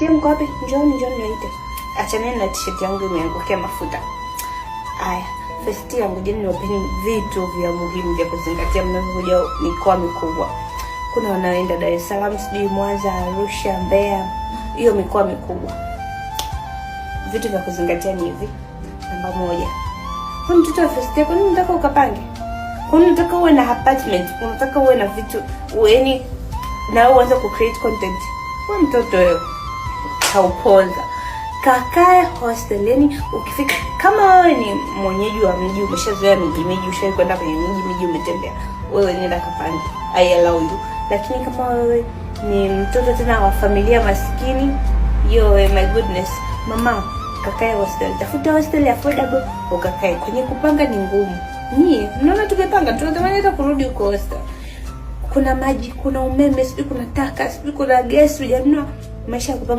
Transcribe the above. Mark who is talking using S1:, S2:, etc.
S1: tia mko wapi? Njoni, njoni niite. Achana na t-shirt yangu imeangukia mafuta. Haya, festi yangu jeni niwapeni vitu vya muhimu vya kuzingatia mnapokuja mikoa mikubwa. Kuna wanaoenda Dar es Salaam, sijui Mwanza, Arusha, Mbeya, hiyo mikoa mikubwa. Vitu vya kuzingatia ni hivi. Namba moja. Kwa mtoto wa first yako nini unataka ukapange? Kwa nini unataka uwe na apartment? Unataka uwe na vitu, uwe ni yaani, na uanze ku create content. Kwa mtoto wewe atauponza. Kakae hosteleni. Ukifika kama wewe ni mwenyeji wa mji, umeshazoea miji miji, ushawahi kwenda kwenye miji miji, umetembea, wewe nenda kapange, I allow you. Lakini kama wewe ni mtoto tena wa familia maskini, yo eh, my goodness, mama kakae hostel, tafuta hostel affordable ukakae. Kwenye kupanga ni ngumu. Nyie mnaona tumepanga, tunatamani hata kurudi huko hostel. Kuna maji, kuna umeme, sijui kuna taka, sijui kuna gesi, hujanunua. Maisha ya kupanga